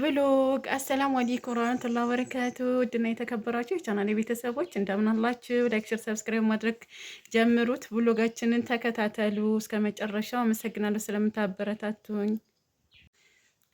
ብሎግ አሰላሙ አለይኩም ወራህመቱላሂ ወበረካቱ። ውድና የተከበራችሁ የቻናል ቤተሰቦች እንደምናላችሁ፣ ላይክ፣ ሼር፣ ሰብስክራይብ ማድረግ ጀምሩት። ብሎጋችንን ተከታተሉ እስከ መጨረሻው። አመሰግናለሁ ስለምታበረታቱኝ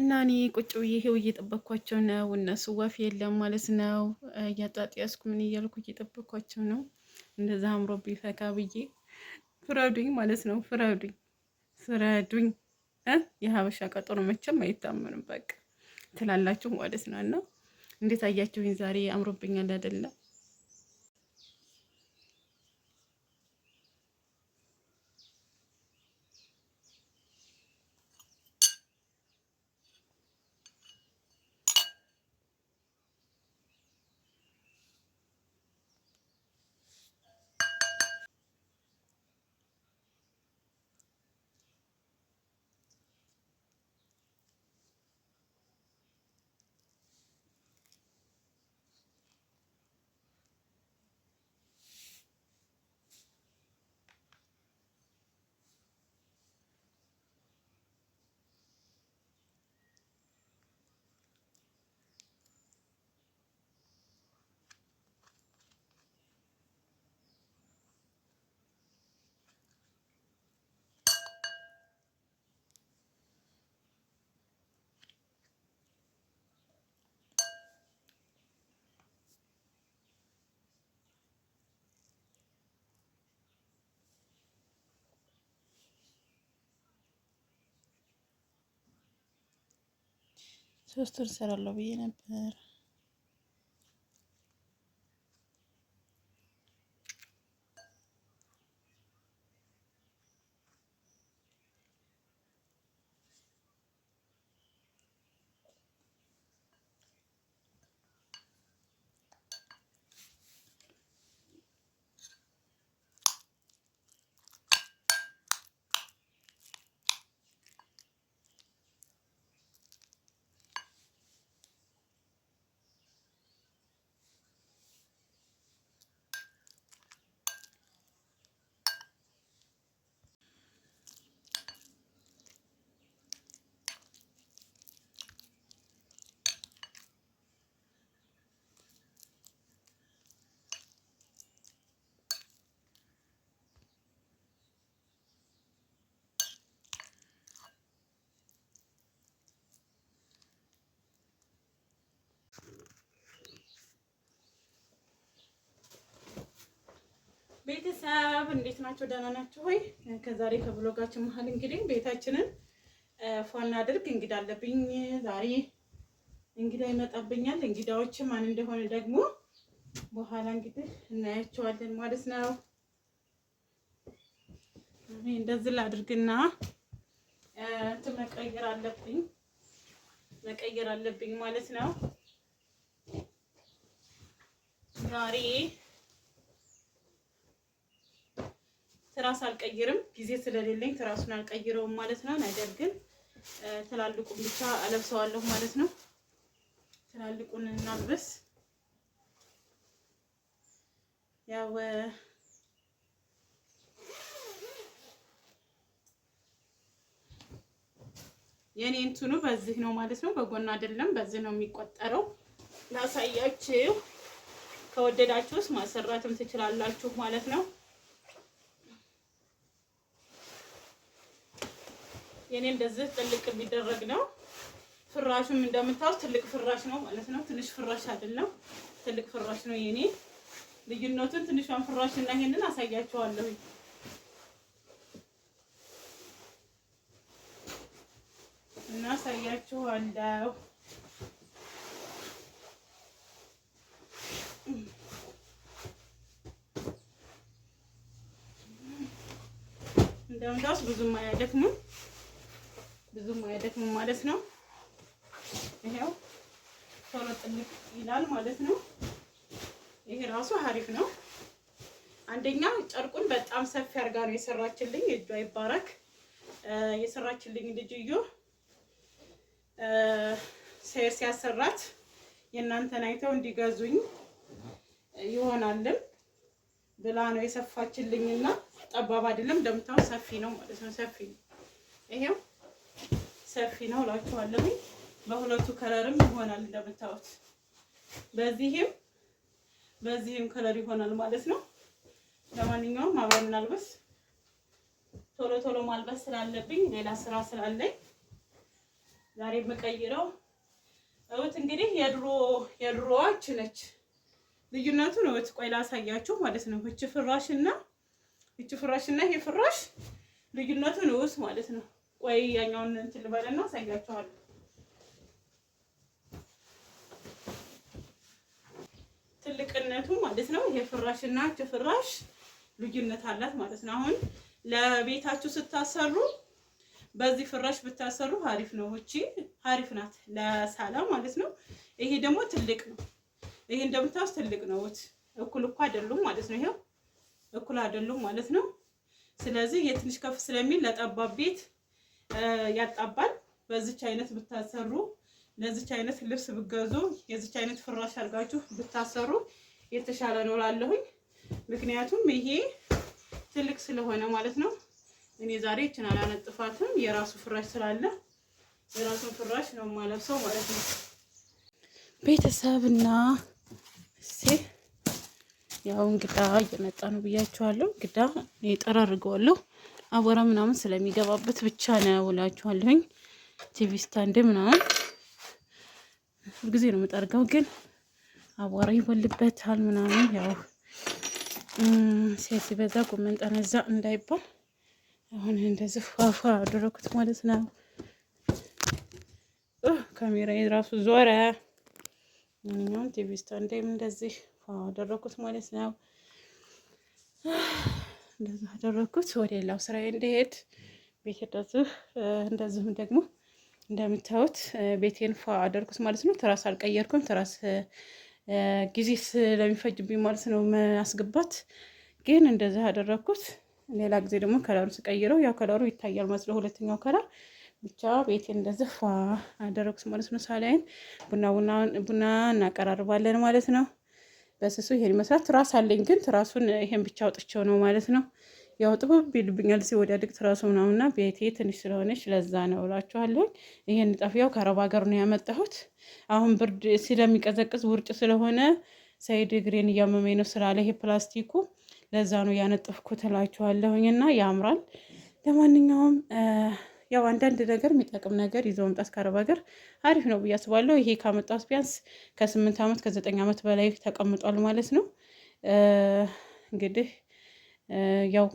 እና እኔ ቁጭ ብዬ ይሄው እየጠበኳቸው ነው። እነሱ ወፍ የለም ማለት ነው። እያጣጥያስኩ ምን እያልኩ እየጠበኳቸው ነው። እንደዛ አምሮ ቢፈካ ብዬ ፍረዱኝ ማለት ነው። ፍረዱኝ፣ ፍረዱኝ። የሀበሻ ቀጠሮ መቼም አይታመንም። በቃ ትላላችሁ ማለት ነው። እና እንዴት አያችሁኝ? ዛሬ አምሮብኛል አይደለም? ሶስት ወር እሰራለሁ ብዬ ነበር ቤተሰብ እንዴት ናቸው? ደህና ናቸው ሆይ? ከዛሬ ከብሎጋችን መሀል እንግዲህ ቤታችንን ፎን አድርግ እንግዳ አለብኝ ዛሬ። እንግዳ ይመጣብኛል። እንግዳዎች ማን እንደሆነ ደግሞ በኋላ እንግዲህ እናያቸዋለን ማለት ነው። እንደዚህ ላድርግና እንትን መቀየር አለብኝ መቀየር አለብኝ ማለት ነው ዛሬ ትራስ አልቀይርም፣ ጊዜ ስለሌለኝ ትራሱን አልቀይረውም ማለት ነው። ነገር ግን ትላልቁን ብቻ አለብሰዋለሁ ማለት ነው። ትላልቁን እናልበስ። ያው የኔ እንትኑ በዚህ ነው ማለት ነው። በጎን አይደለም፣ በዚህ ነው የሚቆጠረው። ላሳያችሁ። ከወደዳችሁስ ማሰራትም ትችላላችሁ ማለት ነው። የኔ እንደዚህ ጥልቅ የሚደረግ ነው። ፍራሹም እንደምታዩት ትልቅ ፍራሽ ነው ማለት ነው። ትንሽ ፍራሽ አይደለም፣ ትልቅ ፍራሽ ነው የኔ። ልዩነቱን ትንሿን ፍራሽ እና ይሄንን አሳያቸዋለሁ። እና አሳያቸዋለሁ እንደምታውስ ብዙም አያደክምም። ብዙም አይደክም ማለት ነው። ይሄው ቶሎ ጥልቅ ይላል ማለት ነው። ይሄ ራሱ አሪፍ ነው። አንደኛ ጨርቁን በጣም ሰፊ አድርጋ ነው የሰራችልኝ። እጇ ይባረክ የሰራችልኝ ልጅዮ ሴር ሲያሰራት የእናንተን አይተው እንዲገዙኝ ይሆናልም ብላ ነው የሰፋችልኝና ጠባብ አይደለም። እንደምታው ሰፊ ነው ማለት ነው። ሰፊ ነው ይሄው ሰፊ ነው እላችኋለሁኝ። በሁለቱ ከለርም ይሆናል እንደምታዩት፣ በዚህም በዚህም ከለር ይሆናል ማለት ነው። ለማንኛውም አብረን እናልበስ። ቶሎ ቶሎ ማልበስ ስላለብኝ ሌላ ስራ ስላለኝ ዛሬ የምቀይረው እውት እንግዲህ የድሮ የድሮዋች ነች። ልዩነቱን እውት ቆይ ላሳያችሁ ማለት ነው። እች ፍራሽ እና እች ፍራሽ እና ይሄ ፍራሽ ልዩነቱን እውት ማለት ነው። ወይ ያኛውን እንትን ልበልና አሳያችኋለሁ። ትልቅነቱ ማለት ነው። ይሄ ፍራሽ እና እቺ ፍራሽ ልዩነት አላት ማለት ነው። አሁን ለቤታችሁ ስታሰሩ በዚህ ፍራሽ ብታሰሩ አሪፍ ነው። እቺ ሀሪፍ ናት ለሳላ ማለት ነው። ይሄ ደግሞ ትልቅ ነው። ይሄ እንደምታውስ ትልቅ ነው። እኩል እኮ አይደሉም ማለት ነው። ይሄው እኩል አይደሉም ማለት ነው። ስለዚህ የትንሽ ከፍ ስለሚል ለጠባብ ቤት ያጣባል። በዚች አይነት ብታሰሩ ለዚች አይነት ልብስ ብገዙ የዚች አይነት ፍራሽ አድርጋችሁ ብታሰሩ የተሻለ ነው ላለሁኝ። ምክንያቱም ይሄ ትልቅ ስለሆነ ማለት ነው። እኔ ዛሬ እችን አላነጥፋትም። የራሱ ፍራሽ ስላለ የራሱ ፍራሽ ነው የማለብሰው ማለት ነው። ቤተሰብና እሴ ያው እንግዳ እየመጣ ነው ብያችኋለሁ። እንግዳ እኔ ጠራርገዋለሁ አቧራ ምናምን ስለሚገባበት ብቻ ነው ውላችኋለሁኝ። ቲቪ ስታንድ ምናምን ሁልጊዜ ነው የምጠርገው፣ ግን አቧራ ይበልበታል ምናምን። ያው ሲያ ሲበዛ ጎመን ጠነዛ እንዳይባል አሁን እንደዚህ ፏፏ አደረኩት ማለት ነው። ካሜራ የራሱ ዞረ። ቲቪ ስታንድ እንደዚህ አደረኩት ማለት ነው። እንደዚህ አደረግኩት። ወደ ሌላው ስራ እንደሄድ ቤት እንደዚህ እንደዚህም ደግሞ እንደምታዩት ቤቴን ፏ አደርኩት ማለት ነው። ትራስ አልቀየርኩም። ትራስ ጊዜ ስለሚፈጅብኝ ማለት ነው ማስገባት ግን እንደዚህ አደረግኩት። ሌላ ጊዜ ደግሞ ከለሩ ስቀይረው ያው ከለሩ ይታያል ማለት ነው። ሁለተኛው ከለር ብቻ ቤቴን እንደዚህ ፏ አደረግኩት ማለት ነው። ሳላይን ቡና ቡና እናቀራርባለን ማለት ነው። በስሱ ይሄን መስራት ትራስ አለኝ፣ ግን ትራሱን ይሄን ብቻ አውጥቼው ነው ማለት ነው። ያው ጥብብ ይልብኛል ሲወዳድቅ ትራሱ እና ቤቴ ትንሽ ስለሆነች ለዛ ነው እላችኋለሁ። ይሄን ንጣፍ ከአረብ ሀገር ነው ያመጣሁት። አሁን ብርድ ስለሚቀዘቅዝ ውርጭ ስለሆነ ሳይድ እግሬን እያመመኝ ነው ስላለ ይሄ ፕላስቲኩ ለዛ ነው ያነጠፍኩት እላችኋለሁኝ። እና ያምራል ለማንኛውም ያው አንዳንድ ነገር የሚጠቅም ነገር ይዞ መምጣት ከአረብ ሀገር አሪፍ ነው ብዬ አስባለሁ። ይሄ ካመጣት ቢያንስ ከስምንት ዓመት ከዘጠኝ ዓመት በላይ ተቀምጧል ማለት ነው። እንግዲህ ያው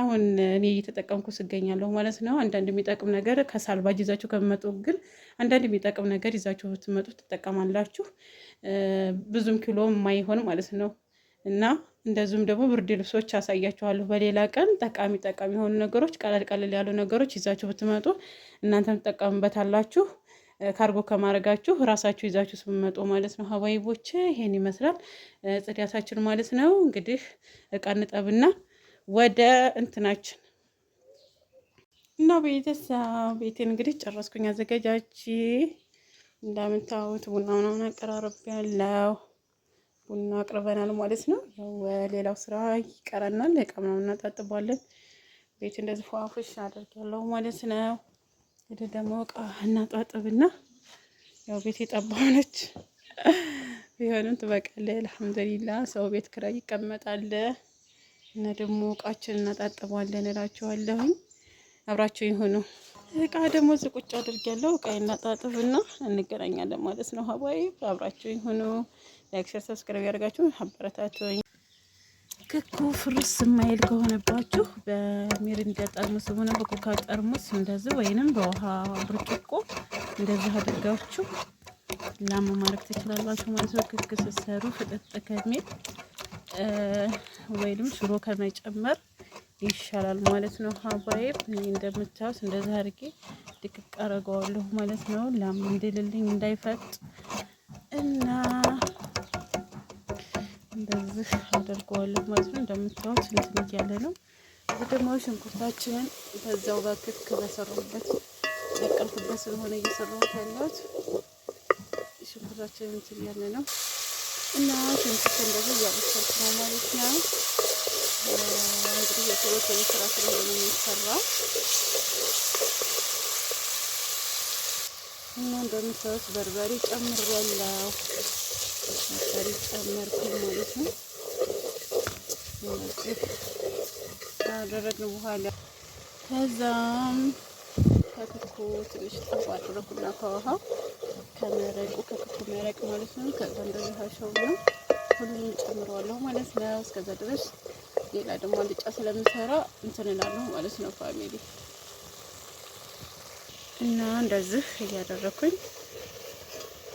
አሁን እኔ እየተጠቀምኩ ስገኛለሁ ማለት ነው። አንዳንድ የሚጠቅም ነገር ከሳልባጅ ይዛችሁ ከመጡ ግን አንዳንድ የሚጠቅም ነገር ይዛችሁ ብትመጡ ትጠቀማላችሁ። ብዙም ኪሎ የማይሆን ማለት ነው እና እንደዚሁም ደግሞ ብርድ ልብሶች አሳያችኋለሁ በሌላ ቀን። ጠቃሚ ጠቃሚ የሆኑ ነገሮች፣ ቀለል ቀለል ያሉ ነገሮች ይዛችሁ ብትመጡ እናንተም ትጠቀሙበታላችሁ። ካርጎ ከማድረጋችሁ ራሳችሁ ይዛችሁ ስመጡ ማለት ነው። ሀባይቦች ይሄን ይመስላል ጽዳታችን ማለት ነው። እንግዲህ እቃ ንጠብና ወደ እንትናችን እና ቤተሰብ ቤቴን እንግዲህ ጨረስኩኝ አዘገጃጅ እንደምታዩት ቡና ምናምን አቀራረብ ያለው ቡና አቅርበናል ማለት ነው። ሌላው ስራ ይቀረናል። እቃ ምናምን ቤት እንደዚህ ፏፎሽ አደርጋለሁ ማለት ነው። ወደ ደግሞ እቃ እናጣጥብና ያው ቤት የጠባነች ቢሆንም ትበቃለህ። አልሐምዱሊላ ሰው ቤት ክራይ ይቀመጣል እና ደግሞ እቃችን እናጣጥቧለን እላችኋለሁኝ። አብራቸው የሆኑ እቃ ደግሞ ዝቁጭ አድርጊያለሁ። እቃ እናጣጥብና እንገናኛለን ማለት ነው። ሀባይ አብራቸው የሆኑ ላይክ፣ ሼር፣ ሰብስክራይብ ያደርጋችሁ አበረታችሁኝ። ክኩ ፍርስ የማይል ከሆነባችሁ በሚሪንዳ ጠርሙስ ሆነ በኮካ ጠርሙስ እንደዚህ ወይንም በውሃ ብርጭቆ እንደዚህ አድርጋችሁ ላም ማድረግ ትችላላችሁ ማለት ነው። ክክ ስትሰሩ ፍጥጥ ከሚል ወይንም ሽሮ ከመጨመር ይሻላል ማለት ነው። ሀባይብ እንደምታዩት እንደዚህ አድርጌ ድቅቅ አረገዋለሁ ማለት ነው። ላም እንድልልኝ እንዳይፈጥ እና እንደዚህ አደርገዋለሁ ማለት ነው። እንደምታዩት እንትን እያለ ነው። እዚህ ደግሞ ሽንኩርታችንን በዛው በክትክ በሰራሁበት ያቀልኩበት ስለሆነ እየሰራሁት ያለሁት ሽንኩርታችንን እንትን እያለ ነው እና ሽንኩርት እንደዚህ እያበሰልኩ ነው ማለት ነው። እንግዲህ የቶሎ ቶሎ ስራ ስለሆነ የሚሰራው እና እንደምታዩት በርበሬ ጨምሬያለሁ። ነገር ጨመርኩኝ ማለት ነው። ካደረግን በኋላ ከዛም ከክኩ ትንሽ ጠፋ አደረኩና ከውሃ ከመረቁ ከክኩ መረቅ ማለት ነው። ከዛ እንደዚህ አሸውና ሁሉንም ጨምረዋለሁ ማለት ነው። እስከዛ ድረስ ሌላ ደግሞ አልጫ ስለምሰራ እንትን እላለሁ ማለት ነው ፋሚሊ እና እንደዚህ እያደረኩኝ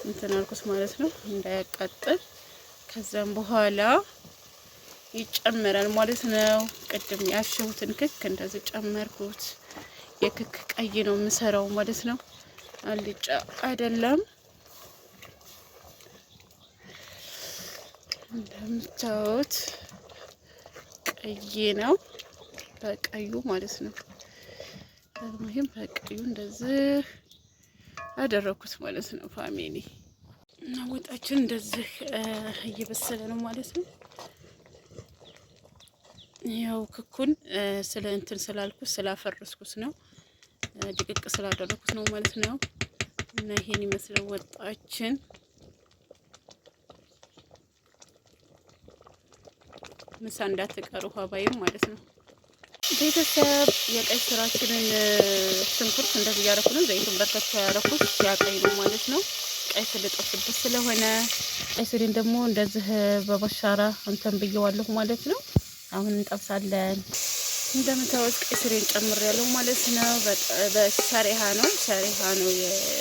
እንትን አልኩት ማለት ነው እንዳያቃጥል ከዛም በኋላ ይጨመራል ማለት ነው። ቅድም ያሸሁትን ክክ እንደዚህ ጨመርኩት። የክክ ቀይ ነው የምሰራው ማለት ነው። አልጫ አይደለም። እንደምታዩት ቀይ ነው፣ በቀዩ ማለት ነው። ይህም በቀዩ እንደዚህ አደረኩት ማለት ነው ፋሚሊ እና ወጣችን እንደዚህ እየበሰለ ነው ማለት ነው። ያው ክኩን ስለ እንትን ስላልኩት ስላፈረስኩት ነው ድቅቅ ስላደረኩት ነው ማለት ነው። እና ይሄን ይመስለው ወጣችን ምሳ እንዳትቀሩ ሀባይም ማለት ነው። ቤተሰብ የቀይ ስራችንን ሽንኩርት እንደዚህ ያደረኩ ነው። ዘይቱን በርከት ያደረኩት ያቀይ ነው ማለት ነው። ጤፍ ልጦስበት ስለሆነ አይሱሪን ደግሞ እንደዚህ በበሻራ እንትን ብየዋለሁ ማለት ነው። አሁን እንጠብሳለን። እንደምታወስ ጨምር ያለው ማለት ነው። በሸሪሃ ነው ሸሪሃ ነው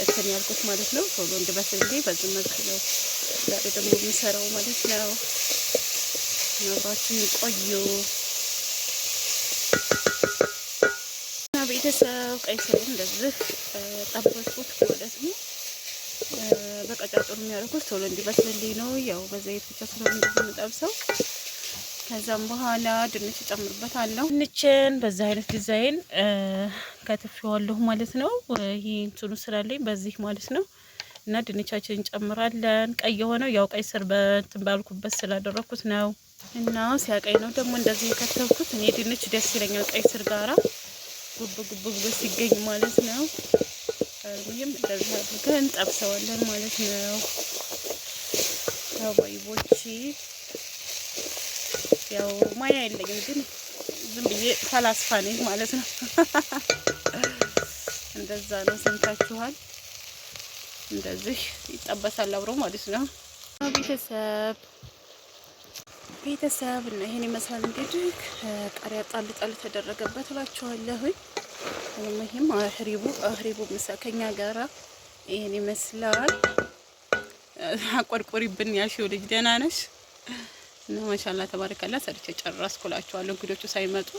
እንትን ያልኩት ማለት ነው። ቶሎ እንድበስል እንዲ በዚህ መልክ ነው ዛሬ ደግሞ የሚሰራው ማለት ነው። አብራችሁን ቆዩ ቤተሰብ። ቀይስሬን እንደዚህ ጠበስኩት ማለት ነው። በቀጫጭኑ የሚያደርጉት ቶሎ እንዲበስልልኝ ነው። ያው በዘይት ብቻ ስለሆነ የምንጠብሰው። ከዛም በኋላ ድንች እጨምርበታለሁ። ድንችን በዛ አይነት ዲዛይን ከትፌዋለሁ ማለት ነው። ይሄ እንትኑ ስላለኝ በዚህ ማለት ነው። እና ድንቻችን እንጨምራለን። ቀይ የሆነው ያው ቀይ ስር በእንትን ባልኩበት ስላደረኩት ነው። እና ሲያቀይ ነው ደግሞ እንደዚህ የከተብኩት። እኔ ድንች ደስ ይለኛል ቀይ ስር ጋራ ጉብ ጉብ ብሎ ሲገኝ ማለት ነው። አድርጉኝም እንደዚህ አድርገን እንጠብሰዋለን ማለት ነው። ተባይቦች ያው ማያ የለኝም ግን ዝም ብዬ ፈላስፋ ነኝ ማለት ነው። እንደዛ ነው። ሰምታችኋል። እንደዚህ ይጠበሳል አብሮ ማለት ነው። ቤተሰብ ቤተሰብ እና ይሄን ይመስላል እንግዲህ ቃሪያ ጣል ጣል ተደረገበት እላችኋለሁ። አልሙሂም አህሪቡ አህሪቡ ምሳ ከኛ ጋራ ይሄን ይመስላል። አቆርቆሪብን ያልሽው ልጅ ደህና ነሽ ነው? ማሻአላ ተባረካላ ሰርቼ ጨረስኩላችኋለሁ። እንግዶቹ ሳይመጡ